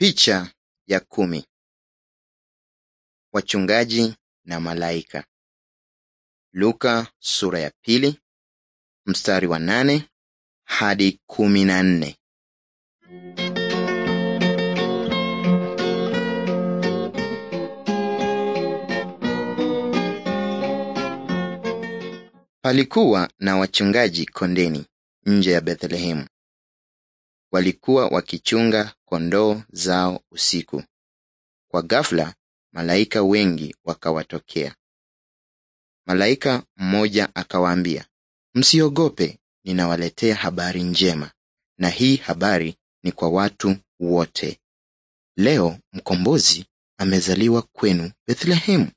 Picha ya kumi. Wachungaji na malaika. Luka sura ya pili, mstari wa nane hadi kumi na nne. Palikuwa na wachungaji kondeni nje ya Bethlehemu. Walikuwa wakichunga kondoo zao usiku. Kwa ghafla, malaika wengi wakawatokea. Malaika mmoja akawaambia, msiogope, ninawaletea habari njema, na hii habari ni kwa watu wote. Leo mkombozi amezaliwa kwenu Bethlehemu.